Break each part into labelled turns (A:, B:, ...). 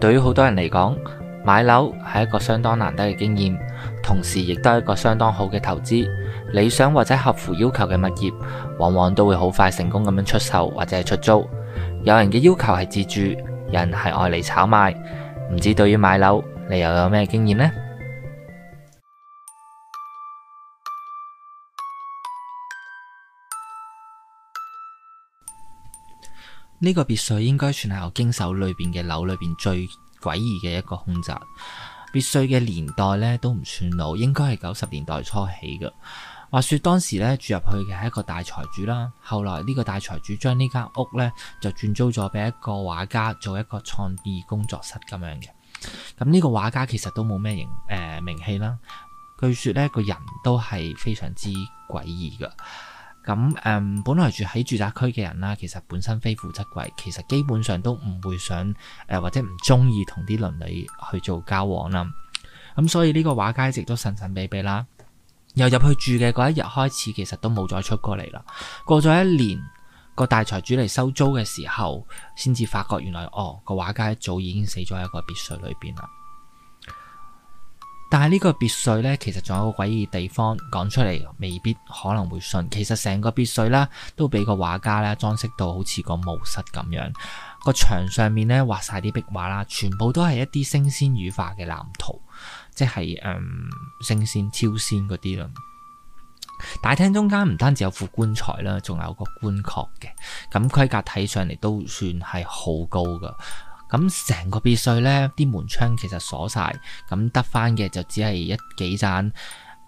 A: 對於好多人嚟講，買樓係一個相當難得嘅經驗，同時亦都係一個相當好嘅投資。理想或者合乎要求嘅物業，往往都會好快成功咁樣出售或者係出租。有人嘅要求係自住，人係外嚟炒賣。唔知對於買樓，你又有咩經驗呢？呢個別墅應該算係我經手裏邊嘅樓裏邊最詭異嘅一個凶宅。別墅嘅年代咧都唔算老，應該係九十年代初起嘅。話說當時咧住入去嘅係一個大財主啦，後來呢個大財主將呢間屋咧就轉租咗俾一個畫家做一個創意工作室咁樣嘅。咁、嗯、呢、呢個畫家其實都冇咩名誒名氣啦。據說呢個人都係非常之詭異嘅。咁誒，本來住喺住宅區嘅人啦，其實本身非富則貴，其實基本上都唔會想誒，或者唔中意同啲鄰里去做交往啦。咁所以呢個畫家一直都神神秘秘啦。由入去住嘅嗰一日開始，其實都冇再出過嚟啦。過咗一年，個大財主嚟收租嘅時候，先至發覺原來哦，個畫家一早已經死咗喺個別墅裏邊啦。但係呢個別墅呢，其實仲有個詭異地方，講出嚟未必可能會信。其實成個別墅啦，都俾個畫家咧裝飾到好似個墓室咁樣，個牆上面呢，畫晒啲壁畫啦，全部都係一啲升仙羽化嘅藍圖，即係嗯升仙超仙嗰啲啦。大廳中間唔單止有副棺材啦，仲有個棺槨嘅，咁規格睇上嚟都算係好高噶。咁成個別墅呢啲門窗其實鎖晒，咁得翻嘅就只係一幾盞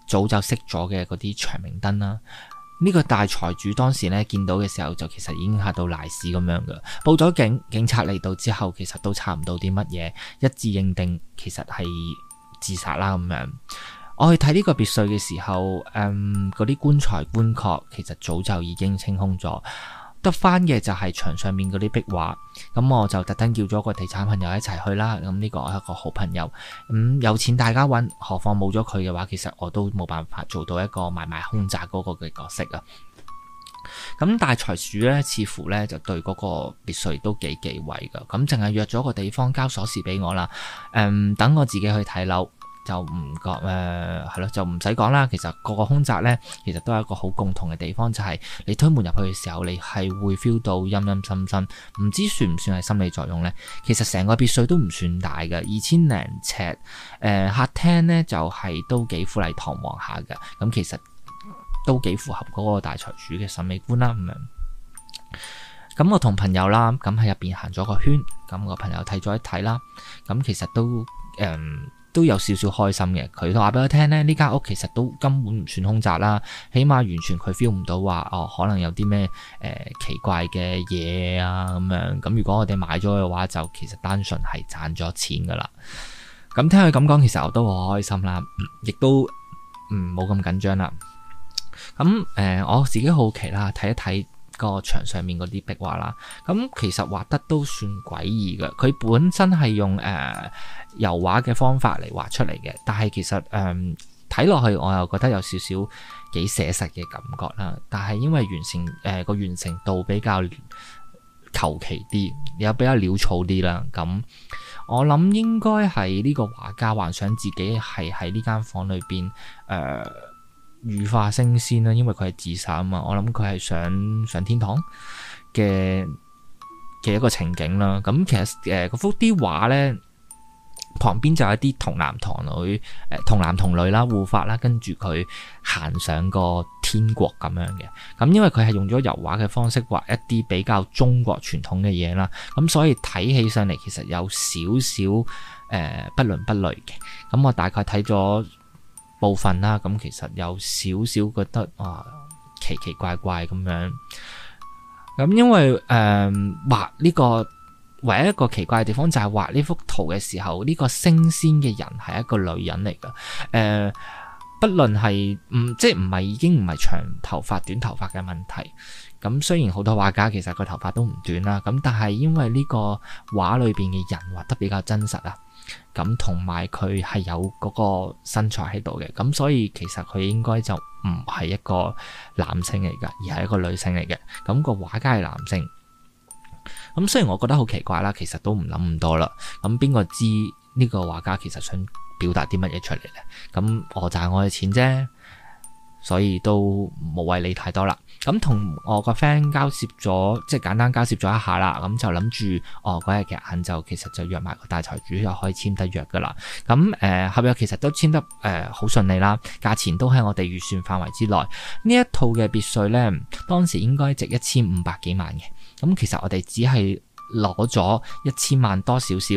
A: 早就熄咗嘅嗰啲長明燈啦。呢個大財主當時呢，見到嘅時候，就其實已經嚇到瀨屎咁樣噶。報咗警，警察嚟到之後，其實都查唔到啲乜嘢，一致認定其實係自殺啦咁樣。我去睇呢個別墅嘅時候，誒、嗰啲棺材棺槨其實早就已經清空咗。得翻嘅就係牆上面嗰啲壁畫，咁我就特登叫咗個地產朋友一齊去啦。咁呢個係一個好朋友，咁有錢大家揾，何況冇咗佢嘅話，其實我都冇辦法做到一個買賣兇宅嗰個嘅角色啊。咁大財主呢，似乎呢就對嗰個別墅都幾忌諱噶，咁淨係約咗個地方交鎖匙俾我啦。誒、嗯，等我自己去睇樓。就唔覺誒，係、呃、咯，就唔使講啦。其實個個凶宅呢，其實都有一個好共同嘅地方，就係、是、你推門入去嘅時候，你係會 feel 到陰陰森森，唔知算唔算係心理作用呢。其實成個別墅都唔算大嘅，二千零呎誒客廳呢，就係、是、都幾富麗堂皇下嘅。咁其實都幾符合嗰個大財主嘅審美觀啦。咁樣咁我同朋友啦，咁喺入邊行咗個圈，咁我朋友睇咗一睇啦，咁其實都誒。嗯都有少少開心嘅，佢都話俾我聽咧，呢間屋其實都根本唔算空宅啦，起碼完全佢 feel 唔到話哦，可能有啲咩誒奇怪嘅嘢啊咁樣。咁如果我哋買咗嘅話，就其實單純係賺咗錢噶啦。咁聽佢咁講，其實我都好開心啦，亦都唔冇咁緊張啦。咁誒、呃，我自己好奇啦，睇一睇。個牆上面嗰啲壁畫啦，咁其實畫得都算詭異嘅。佢本身係用誒、呃、油畫嘅方法嚟畫出嚟嘅，但係其實誒睇落去我又覺得有少少幾寫實嘅感覺啦。但係因為完成誒個、呃、完成度比較求其啲，又比較潦草啲啦。咁、嗯、我諗應該係呢個畫家幻想自己係喺呢間房裏邊誒。呃羽化升仙啦，因為佢係自殺啊嘛，我諗佢係上上天堂嘅嘅一個情景啦。咁、嗯、其實誒、呃、幅啲畫咧，旁邊就有一啲童男童女誒、童男童女啦，護法啦，跟住佢行上個天國咁樣嘅。咁、嗯、因為佢係用咗油畫嘅方式畫一啲比較中國傳統嘅嘢啦，咁、嗯、所以睇起上嚟其實有少少誒、呃、不倫不類嘅。咁、嗯、我大概睇咗。部分啦，咁其實有少少覺得啊，奇奇怪怪咁樣。咁因為誒畫呢個唯一一個奇怪嘅地方就係畫呢幅圖嘅時候，呢、這個升仙嘅人係一個女人嚟嘅。誒、呃，不論係唔即係唔係已經唔係長頭髮短頭髮嘅問題。咁雖然好多畫家其實佢頭髮都唔短啦，咁但係因為呢個畫裏邊嘅人畫得比較真實啊。咁同埋佢係有嗰個身材喺度嘅，咁所以其實佢應該就唔係一個男性嚟噶，而係一個女性嚟嘅。咁個畫家係男性，咁雖然我覺得好奇怪啦，其實都唔諗咁多啦。咁邊個知呢個畫家其實想表達啲乜嘢出嚟呢？咁我賺我嘅錢啫。所以都無為你太多啦。咁同我個 friend 交涉咗，即係簡單交涉咗一下啦。咁就諗住，哦嗰日嘅晏晝其實就約埋個大財主，就可以簽得約㗎啦。咁誒、呃、合約其實都簽得誒好、呃、順利啦，價錢都喺我哋預算範圍之內。呢一套嘅別墅呢，當時應該值一千五百幾萬嘅。咁其實我哋只係攞咗一千萬多少少，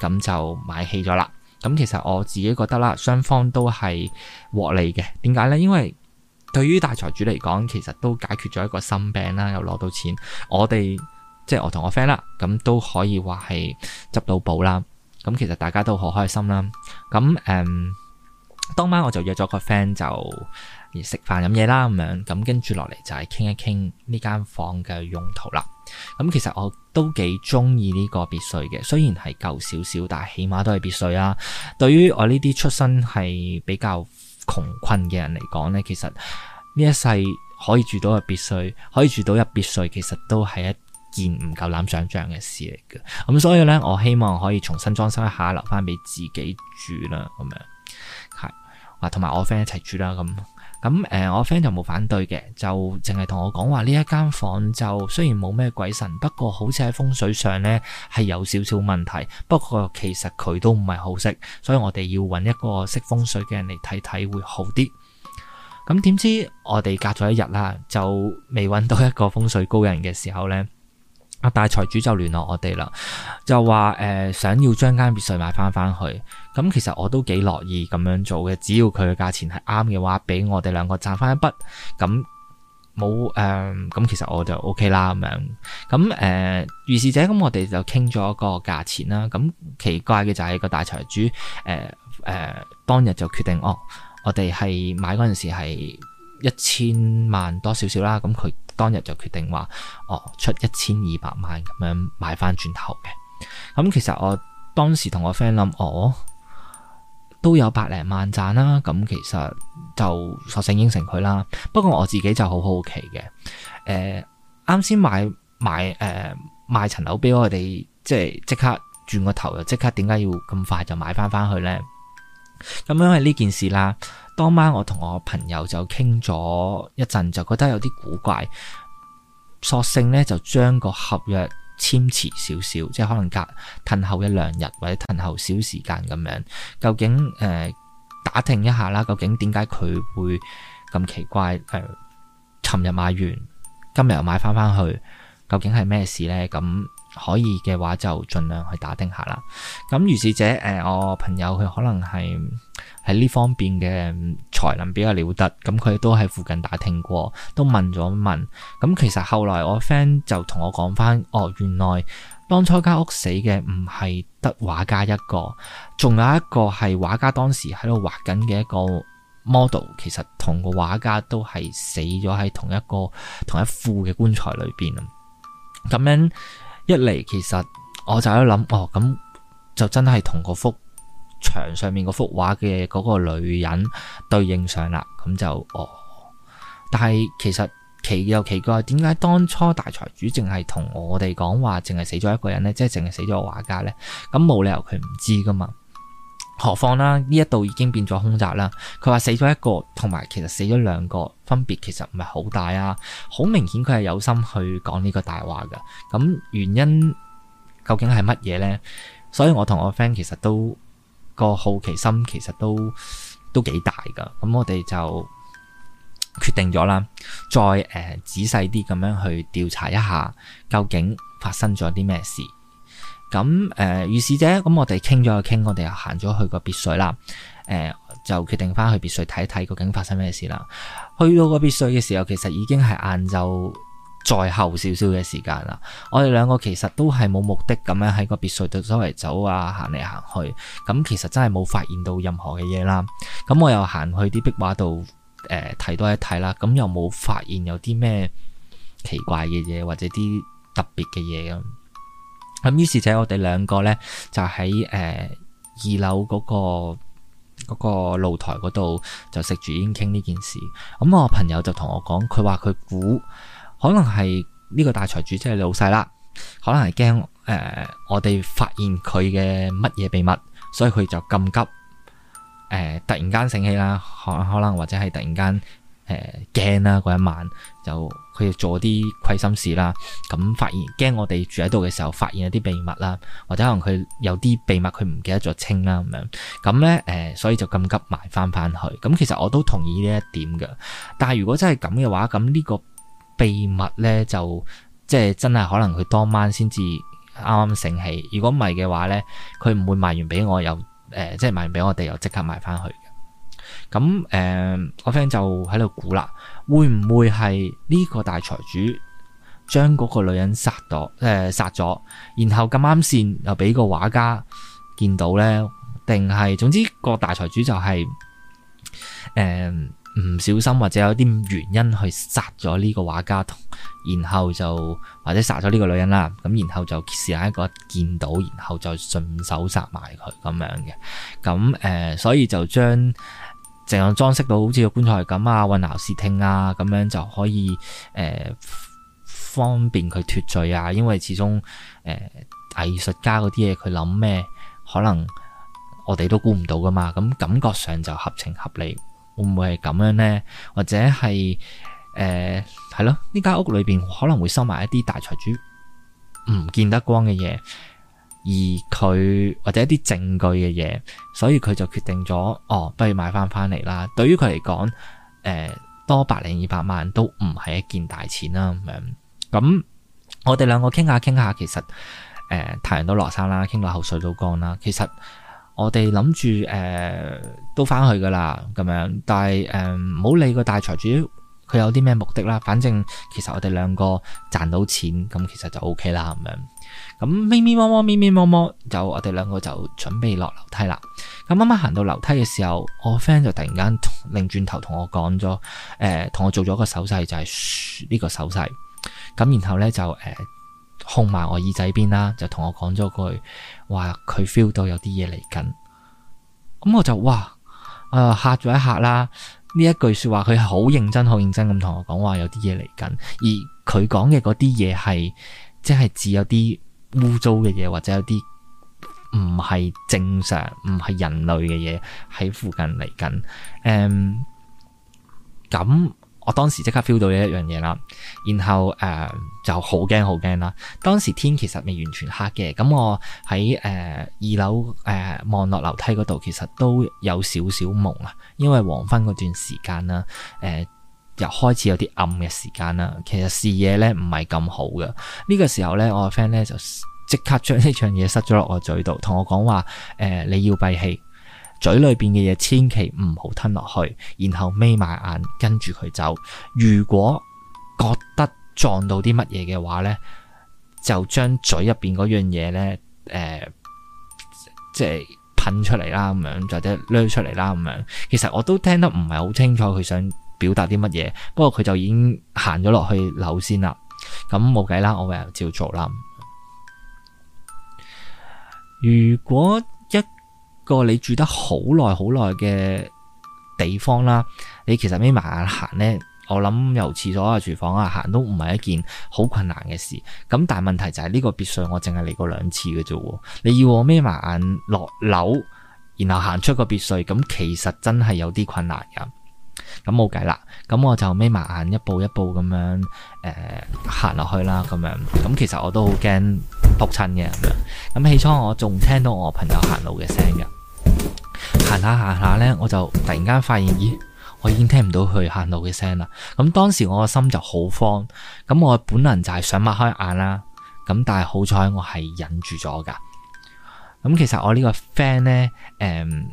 A: 咁就買起咗啦。咁其實我自己覺得啦，雙方都係獲利嘅。點解呢？因為對於大財主嚟講，其實都解決咗一個心病啦，又攞到錢。我哋即係我同我 friend 啦，咁都可以話係執到寶啦。咁其實大家都好開心啦。咁誒、嗯，當晚我就約咗個 friend 就。而食飯飲嘢啦，咁樣咁跟住落嚟就係傾一傾呢間房嘅用途啦。咁其實我都幾中意呢個別墅嘅，雖然係舊少少，但係起碼都係別墅啊。對於我呢啲出身係比較窮困嘅人嚟講呢，其實呢一世可以住到入別墅，可以住到入別墅，其實都係一件唔夠膽想象嘅事嚟嘅。咁所以呢，我希望可以重新裝修一下，留翻俾自己住啦，咁樣係，同埋我 friend 一齊住啦，咁、嗯。咁誒，我 friend 就冇反對嘅，就淨係同我講話，呢一間房就雖然冇咩鬼神，不過好似喺風水上呢係有少少問題。不過其實佢都唔係好識，所以我哋要揾一個識風水嘅人嚟睇睇會好啲。咁點知我哋隔咗一日啦，就未揾到一個風水高人嘅時候呢。阿大財主就聯絡我哋啦，就話誒、呃、想要將間別墅買翻翻去，咁其實我都幾樂意咁樣做嘅，只要佢嘅價錢係啱嘅話，俾我哋兩個賺翻一筆，咁冇誒、咁、呃、其實我就 OK 啦咁樣，咁、嗯、誒、呃、如是者咁我哋就傾咗個價錢啦，咁奇怪嘅就係個大財主誒誒、呃呃、當日就決定哦，我哋係買嗰陣時係一千萬多少少啦，咁、嗯、佢。當日就決定話，哦，出一千二百萬咁樣買翻轉頭嘅。咁其實我當時同我 friend 諗，哦，都有百零萬賺啦，啊。咁其實就索性應承佢啦。不過我自己就好好奇嘅。誒、呃，啱先買買誒賣、呃、層樓俾我哋，即係即刻轉個頭，又即刻點解要咁快就買翻翻去咧？咁因為呢件事啦。當晚我同我朋友就傾咗一陣，就覺得有啲古怪，索性呢，就將個合約簽遲少少，即係可能隔褪後一兩日或者褪後少時間咁樣。究竟誒、呃、打聽一下啦，究竟點解佢會咁奇怪？誒、呃，尋日買完，今日又買翻翻去，究竟係咩事呢？咁、嗯。可以嘅話，就盡量去打聽下啦。咁如是者，誒我朋友佢可能係喺呢方面嘅才能比較了得，咁佢都喺附近打聽過，都問咗問。咁其實後來我 friend 就同我講翻，哦原來當初間屋死嘅唔係得畫家一個，仲有一個係畫家當時喺度畫緊嘅一個 model，其實同個畫家都係死咗喺同一個同一副嘅棺材裏邊啊。咁樣。一嚟，其實我就喺度諗，哦，咁就真係同個幅牆上面個幅畫嘅嗰個女人對應上啦，咁就哦，但係其實奇又奇怪，點解當初大財主淨係同我哋講話，淨係死咗一個人呢？即係淨係死咗個畫家呢？咁冇理由佢唔知噶嘛。何況啦、啊，呢一度已經變咗凶宅啦。佢話死咗一個，同埋其實死咗兩個，分別其實唔係好大啊。好明顯佢係有心去講呢個大話嘅。咁原因究竟係乜嘢呢？所以我同我 friend 其實都個好奇心其實都都幾大噶。咁我哋就決定咗啦，再誒、呃、仔細啲咁樣去調查一下，究竟發生咗啲咩事。咁誒、呃，於是者，咁我哋傾咗又傾，我哋又行咗去個別墅啦。誒、呃，就決定翻去別墅睇一睇究竟發生咩事啦。去到個別墅嘅時候，其實已經係晏晝再後少少嘅時間啦。我哋兩個其實都係冇目的咁樣喺個別墅度周圍走啊，行嚟行去。咁其實真係冇發現到任何嘅嘢啦。咁我又行去啲壁畫度誒睇多一睇啦。咁又冇發現有啲咩奇怪嘅嘢或者啲特別嘅嘢咁。咁於是者，我哋兩個咧，就喺誒二樓嗰、嗰個嗰個露台嗰度就食住煙傾呢件事。咁、嗯、我朋友就同我講，佢話佢估可能係呢個大財主即係老細啦，可能係驚誒我哋發現佢嘅乜嘢秘密，所以佢就咁急誒、呃，突然間醒起啦，可可能或者係突然間。誒，驚啦，嗰一晚就佢做啲虧心事啦，咁發現驚我哋住喺度嘅時候發現一啲秘密啦，或者可能佢有啲秘密佢唔記得咗清啦咁樣，咁咧誒，所以就咁急賣翻翻去。咁其實我都同意呢一點㗎，但係如果真係咁嘅話，咁呢個秘密咧就即係真係可能佢當晚先至啱啱醒起，如果唔係嘅話咧，佢唔會賣完俾我又誒、呃，即係賣完俾我哋又即刻賣翻去。咁誒，我、uh, friend 就喺度估啦，會唔會係呢個大財主將嗰個女人殺咗？誒、呃、殺咗，然後咁啱先又俾個畫家見到咧，定係總之個大財主就係誒唔小心或者有啲原因去殺咗呢個畫家，然後就或者殺咗呢個女人啦。咁然後就試下一個見到，然後再順手殺埋佢咁樣嘅。咁誒，uh, 所以就將。成樣裝飾到好似個棺材咁啊，混淆視聽啊，咁樣就可以誒、呃、方便佢脫罪啊。因為始終誒、呃、藝術家嗰啲嘢，佢諗咩可能我哋都估唔到噶嘛。咁感覺上就合情合理，會唔會係咁樣呢？或者係誒係咯？呢、呃、間屋裏邊可能會收埋一啲大財主唔見得光嘅嘢。而佢或者一啲證據嘅嘢，所以佢就決定咗，哦，不如買翻翻嚟啦。對於佢嚟講，誒、呃、多百零二百萬都唔係一件大錢啦咁樣。咁、嗯、我哋兩個傾下傾下，其實誒、呃、太陽都落山啦，傾到口水都乾啦。其實我哋諗住誒都翻去噶啦咁樣，但係唔好理個大財主。佢有啲咩目的啦？反正其實我哋兩個賺到錢咁，其實就 OK 啦咁樣。咁咪咪摸摸咪咪摸摸，咪咪摸摸摸就我哋兩個就準備落樓梯啦。咁啱啱行到樓梯嘅時候，我 friend 就突然間擰轉頭同我講咗，誒、呃，同我做咗個手勢，就係呢個手勢。咁然後呢，就誒、呃，控埋我耳仔邊啦，就同我講咗句，話佢 feel 到有啲嘢嚟緊。咁我就哇，誒嚇咗一嚇啦。呢一句說話，佢好認真、好認真咁同我講話，有啲嘢嚟緊，而佢講嘅嗰啲嘢係，即係只有啲污糟嘅嘢，或者有啲唔係正常、唔係人類嘅嘢喺附近嚟緊，誒、um，咁。我當時即刻 feel 到呢一樣嘢啦，然後誒、呃、就好驚好驚啦。當時天其實未完全黑嘅，咁我喺誒、呃、二樓誒、呃、望落樓梯嗰度，其實都有少少蒙啊，因為黃昏嗰段時間啦，誒、呃、又開始有啲暗嘅時間啦，其實視野咧唔係咁好嘅。呢、呢個時候咧，我個 friend 咧就即刻將呢樣嘢塞咗落我嘴度，同我講話誒、呃、你要閉氣。嘴裏邊嘅嘢，千祈唔好吞落去，然後眯埋眼跟住佢走。如果覺得撞到啲乜嘢嘅話呢，就將嘴入邊嗰樣嘢呢，誒、呃，即係噴出嚟啦，咁樣或者掠出嚟啦，咁樣。其實我都聽得唔係好清楚佢想表達啲乜嘢，不過佢就已經行咗落去樓先啦。咁冇計啦，我唯有照做啦。如果個你住得好耐好耐嘅地方啦，你其實眯埋眼行呢，我諗由廁所啊、廚房啊行都唔係一件好困難嘅事。咁但係問題就係呢個別墅我淨係嚟過兩次嘅啫，你要我眯埋眼落樓，然後行出個別墅，咁其實真係有啲困難嘅。咁冇計啦，咁我就眯埋眼一步一步咁樣誒行落去啦，咁樣，咁其實我都好驚仆親嘅咁樣。咁起初我仲聽到我朋友行路嘅聲嘅。行下行下咧，我就突然間發現，咦，我已經聽唔到佢行路嘅聲啦。咁當時我個心就好慌，咁我本能就係想擘開眼啦。咁但係好彩我係忍住咗噶。咁其實我呢個、嗯呃、個 friend 咧，誒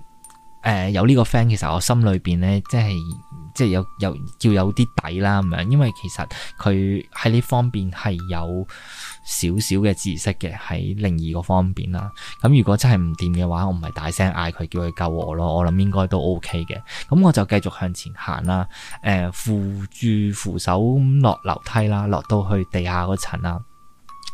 A: 誒有呢個 friend，其實我心裏邊咧即係。即係有有要有啲底啦咁樣，因為其實佢喺呢方面係有少少嘅知識嘅，喺靈異嗰方面啦。咁如果真係唔掂嘅話，我唔係大聲嗌佢叫佢救我咯。我諗應該都 OK 嘅。咁我就繼續向前行啦。誒、呃，扶住扶手落樓梯啦，落到去地下嗰層啦，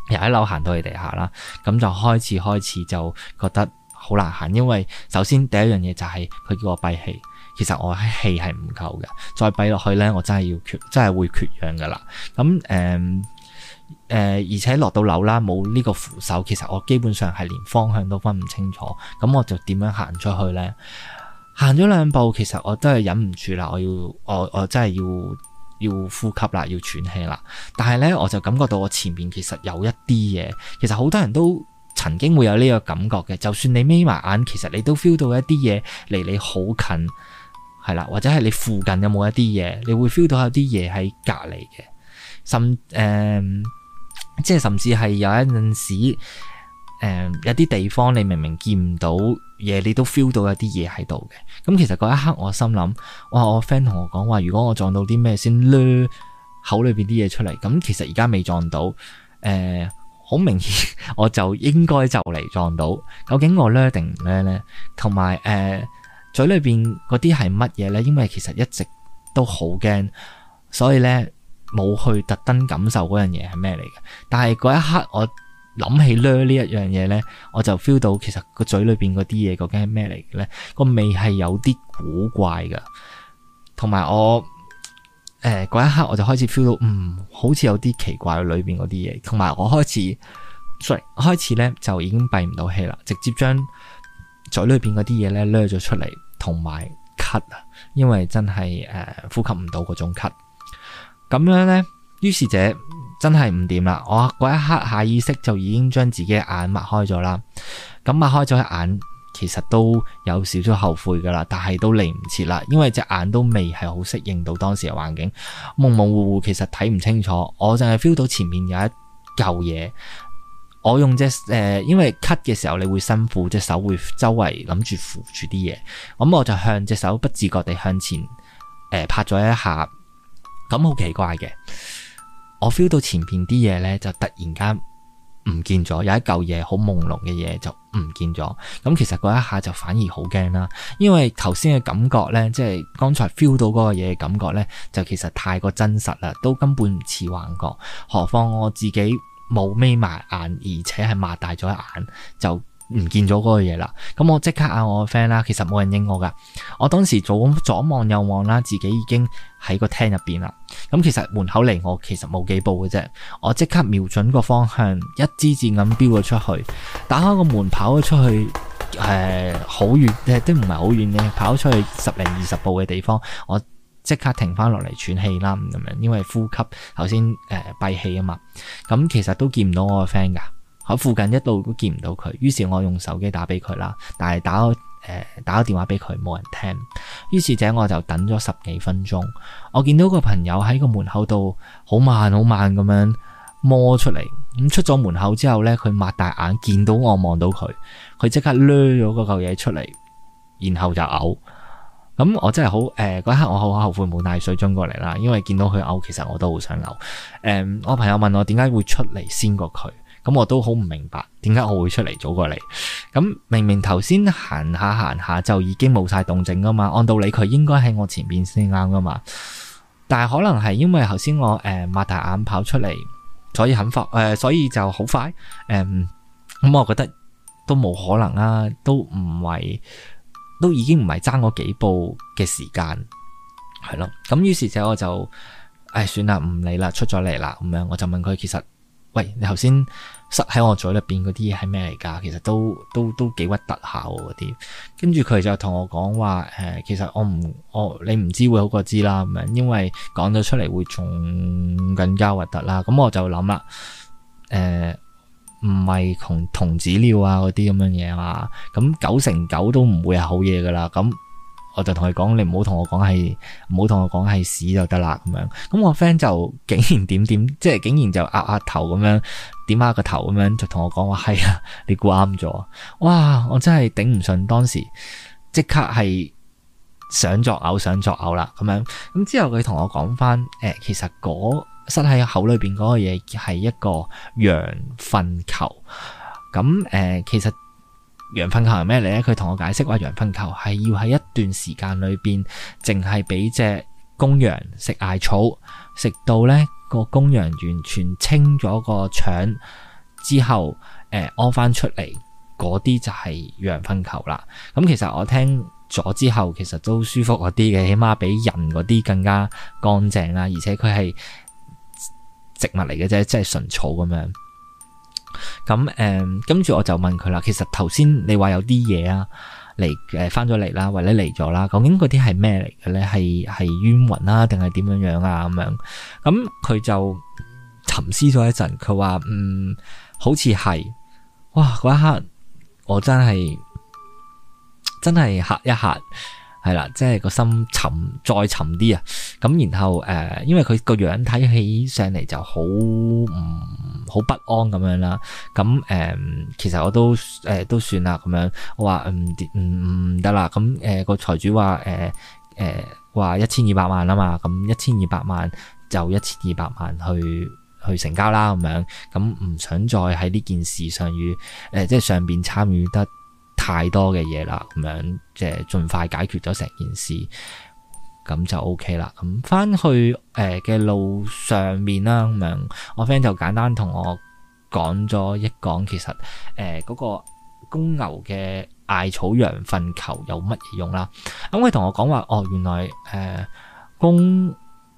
A: 由一樓行到去地下啦。咁就開始開始就覺得好難行，因為首先第一樣嘢就係佢叫我閉氣。其實我氣係唔夠嘅，再閉落去呢，我真係要缺，真係會缺氧噶啦。咁誒誒，而且落到樓啦，冇呢個扶手，其實我基本上係連方向都分唔清楚。咁我就點樣行出去呢？行咗兩步，其實我都係忍唔住啦，我要我我真係要要呼吸啦，要喘氣啦。但係呢，我就感覺到我前面其實有一啲嘢，其實好多人都曾經會有呢個感覺嘅。就算你眯埋眼，其實你都 feel 到一啲嘢離你好近。係啦，或者係你附近有冇一啲嘢，你會 feel 到有啲嘢喺隔籬嘅，甚誒、呃，即係甚至係有一陣時，誒、呃，有啲地方你明明見唔到嘢，你都 feel 到有啲嘢喺度嘅。咁其實嗰一刻我心諗，哇，我 friend 同我講話，如果我撞到啲咩先，捋口裏邊啲嘢出嚟。咁其實而家未撞到，誒、呃，好明顯我就應該就嚟撞到。究竟我捋定唔捋咧？同埋誒。呃嘴裏邊嗰啲係乜嘢呢？因為其實一直都好驚，所以呢，冇去特登感受嗰樣嘢係咩嚟嘅。但係嗰一刻我諗起咧呢一樣嘢呢，我就 feel 到其實個嘴裏邊嗰啲嘢究竟係咩嚟嘅呢？個味係有啲古怪噶，同埋我誒嗰、呃、一刻我就開始 feel 到，嗯，好似有啲奇怪裏邊嗰啲嘢。同埋我開始 sorry 開始呢，就已經閉唔到氣啦，直接將嘴裏邊嗰啲嘢呢掠咗出嚟。同埋咳啊，因為真係誒、呃、呼吸唔到嗰種咳，咁樣呢，於是者真係唔掂啦。我嗰一刻下意識就已經將自己眼擘開咗啦。咁擘開咗眼，其實都有少少後悔噶啦，但係都嚟唔切啦，因為隻眼都未係好適應到當時嘅環境，蒙蒙糊糊，其實睇唔清楚。我淨係 feel 到前面有一舊嘢。我用隻誒、呃，因為咳嘅時候你會辛苦，隻手會周圍諗住扶住啲嘢，咁、嗯、我就向隻手不自覺地向前誒、呃、拍咗一下，咁好奇怪嘅，我 feel 到前邊啲嘢呢，就突然間唔見咗，有一嚿嘢好朦朧嘅嘢就唔見咗，咁、嗯、其實嗰一下就反而好驚啦，因為頭先嘅感覺呢，即係剛才 feel 到嗰個嘢嘅感覺呢，就其實太過真實啦，都根本唔似幻覺，何況我自己。冇眯埋眼，而且係擘大咗眼，就唔見咗嗰個嘢啦。咁我即刻嗌我個 friend 啦，其實冇人應我噶。我當時早左左望右望啦，自己已經喺個廳入邊啦。咁其實門口離我其實冇幾步嘅啫。我即刻瞄準個方向，一支箭咁飆咗出去，打開個門跑咗出去。誒、呃，好遠即唔係好遠呢，跑出去十零二十步嘅地方，我。即刻停翻落嚟喘氣啦，咁樣，因為呼吸頭先誒閉氣啊嘛，咁其實都見唔到我個 friend 噶，喺附近一度都見唔到佢。於是，我用手機打俾佢啦，但係打開、呃、打個電話俾佢，冇人聽。於是者我就等咗十幾分鐘，我見到個朋友喺個門口度好慢好慢咁樣摸出嚟。咁出咗門口之後呢，佢擘大眼見到我望到佢，佢即刻掠咗嗰嚿嘢出嚟，然後就嘔。咁、嗯、我真係好，誒，嗰、呃、一刻我好後悔冇帶水樽過嚟啦，因為見到佢嘔，其實我都好想嘔。誒、嗯，我朋友問我點解會出嚟先過佢，咁、嗯、我都好唔明白點解我會出嚟早過嚟。咁、嗯、明明頭先行下行下就已經冇晒動靜噶嘛，按道理佢應該喺我前面先啱噶嘛。但係可能係因為頭先我誒擘、呃、大眼跑出嚟，所以很快誒，所以就好快。誒、嗯，咁、嗯嗯、我覺得都冇可能啦、啊，都唔係。都已經唔係爭我幾步嘅時間，係咯，咁於是就我就，唉、哎，算啦，唔理啦，出咗嚟啦，咁樣，我就問佢，其實，喂，你頭先塞喺我嘴入邊嗰啲係咩嚟噶？其實都都都幾核突下嗰啲，啊、跟住佢就同我講話，誒、呃，其實我唔，我你唔知會好過知啦，咁樣，因為講咗出嚟會仲更，更加核突啦，咁、嗯、我就諗啦，誒、呃。唔係同童子尿啊嗰啲咁樣嘢啊嘛，咁九成九都唔會係好嘢噶啦。咁我就同佢講，你唔好同我講係，唔好同我講係屎就得啦咁樣。咁我 friend 就竟然點點，即係竟然就壓壓頭咁樣，點下個頭咁樣就同我講話係啊，你估啱咗？哇！我真係頂唔順，當時即刻係想作嘔，想作嘔啦咁樣。咁之後佢同我講翻，誒、呃、其實嗰，塞喺口裏邊嗰個嘢係一個羊糞球，咁誒、呃，其實羊糞球係咩嚟咧？佢同我解釋話，羊糞球係要喺一段時間裏邊，淨係俾隻公羊食艾草，食到咧個公羊完全清咗個腸之後，誒、呃，屙翻出嚟嗰啲就係羊糞球啦。咁、嗯、其實我聽咗之後，其實都舒服嗰啲嘅，起碼比人嗰啲更加乾淨啦，而且佢係。植物嚟嘅啫，即係純草咁樣。咁、嗯、誒，跟住我就問佢啦，其實頭先你話有啲嘢啊嚟誒翻咗嚟啦，或者嚟咗啦，究竟嗰啲係咩嚟嘅咧？係係冤魂啦、啊，定係點樣樣啊？咁樣咁佢、嗯、就沉思咗一陣，佢話嗯，好似係，哇！嗰一刻我真係真係嚇一嚇。係啦、 嗯，即係個心沉再沉啲啊，咁然後誒、呃，因為佢個樣睇起上嚟就好唔好不安咁樣啦，咁、嗯、誒，其實我都誒都算啦，咁樣我話唔唔唔得啦，咁誒個財主話誒誒話一千二百萬啊嘛，咁一千二百萬就一千二百萬去去成交啦，咁樣，咁、嗯、唔、嗯、想再喺呢件事上與誒、呃、即係上邊參與得太多嘅嘢啦，咁樣即係盡快解決咗成件事，咁就 O K 啦。咁翻去誒嘅路上面啦，咁樣我 friend 就簡單同我講咗一講，其實誒嗰、呃那個公牛嘅艾草羊糞球有乜嘢用啦。咁佢同我講話，哦，原來誒、呃、公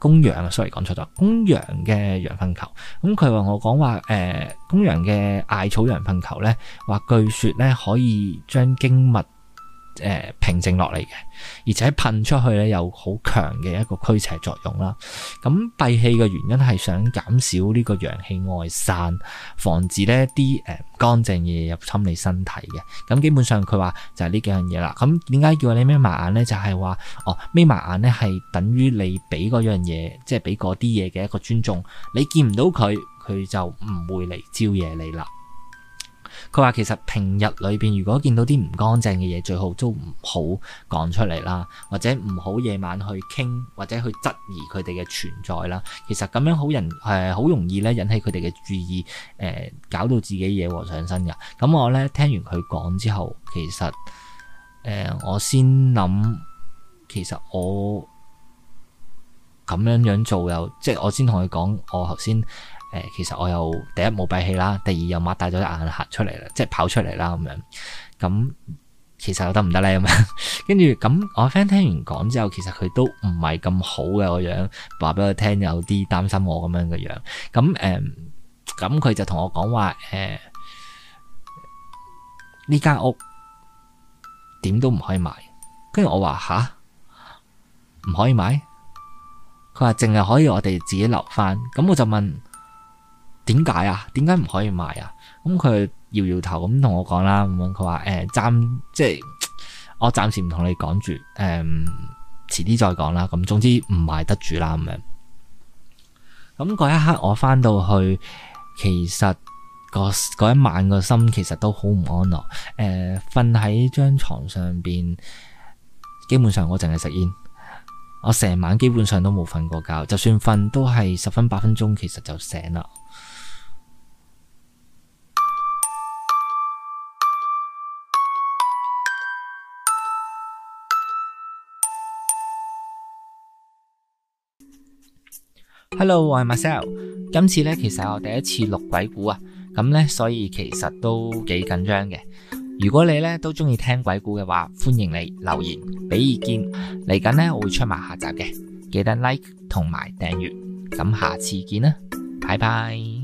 A: 公羊啊，sorry 講錯咗，公羊嘅羊糞球，咁佢話我講話，誒、呃、公羊嘅艾草羊糞球咧，話據說咧可以將經脈。誒、呃，平靜落嚟嘅，而且噴出去咧，有好強嘅一個驅邪作用啦。咁閉氣嘅原因係想減少呢個陽氣外散，防止呢啲唔乾淨嘢入侵你身體嘅。咁基本上佢話就係呢幾樣嘢啦。咁點解叫你眯埋眼呢？就係、是、話哦，眯埋眼呢係等於你俾嗰樣嘢，即係俾嗰啲嘢嘅一個尊重。你見唔到佢，佢就唔會嚟招惹你啦。佢話其實平日裏邊，如果見到啲唔乾淨嘅嘢，最好都唔好講出嚟啦，或者唔好夜晚去傾，或者去質疑佢哋嘅存在啦。其實咁樣好人誒好、呃、容易咧引起佢哋嘅注意，誒、呃、搞到自己惹禍上身噶。咁我咧聽完佢講之後，其實誒、呃、我先諗，其實我咁樣樣做又即係我先同佢講，我頭先。誒，其實我又第一冇閉氣啦，第二又擘大咗眼核出嚟啦，即係跑出嚟啦咁樣。咁其實又得唔得咧咁樣？跟住咁我 friend 聽完講之後，其實佢都唔係咁好嘅個樣，話俾我聽有啲擔心我咁樣嘅樣。咁誒，咁、呃、佢就同我講話誒，呢、呃、間屋點都唔可以賣。跟住我話吓，唔可以賣？佢話淨係可以我哋自己留翻。咁我就問。點解啊？點解唔可以賣啊？咁佢搖搖頭咁同我講啦，咁佢話誒暫即係我暫時唔同你講住，誒遲啲再講啦。咁總之唔賣得住啦。咁樣。咁嗰一刻，我返到去，其實嗰一晚個心其實都好唔安樂。誒瞓喺張床上邊，基本上我淨係食煙，我成晚基本上都冇瞓過覺，就算瞓都係十分八分鐘，其實就醒啦。Hello，我係 Marcel。今次咧，其實係我第一次錄鬼故啊，咁咧，所以其實都幾緊張嘅。如果你咧都中意聽鬼故嘅話，歡迎你留言俾意見。嚟緊咧，我會出埋下集嘅，記得 like 同埋訂閱。咁下次見啦，拜拜。